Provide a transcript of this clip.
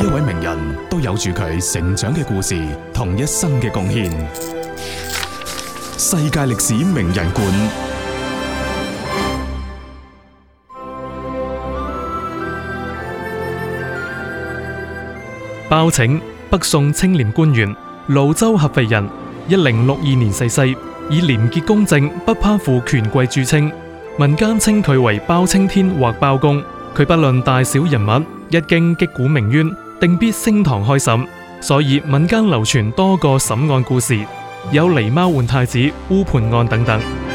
一位名人都有住佢成長嘅故事，同一生嘅貢獻。世界歷史名人館。包拯，北宋清廉官員，廬州合肥人，一零六二年逝世，以廉潔公正、不攀附權貴著稱，民間稱佢為包青天或包公。佢不論大小人物，一經擊鼓鳴冤。定必升堂開審，所以民間流傳多個審案故事，有狸貓換太子、烏盤案等等。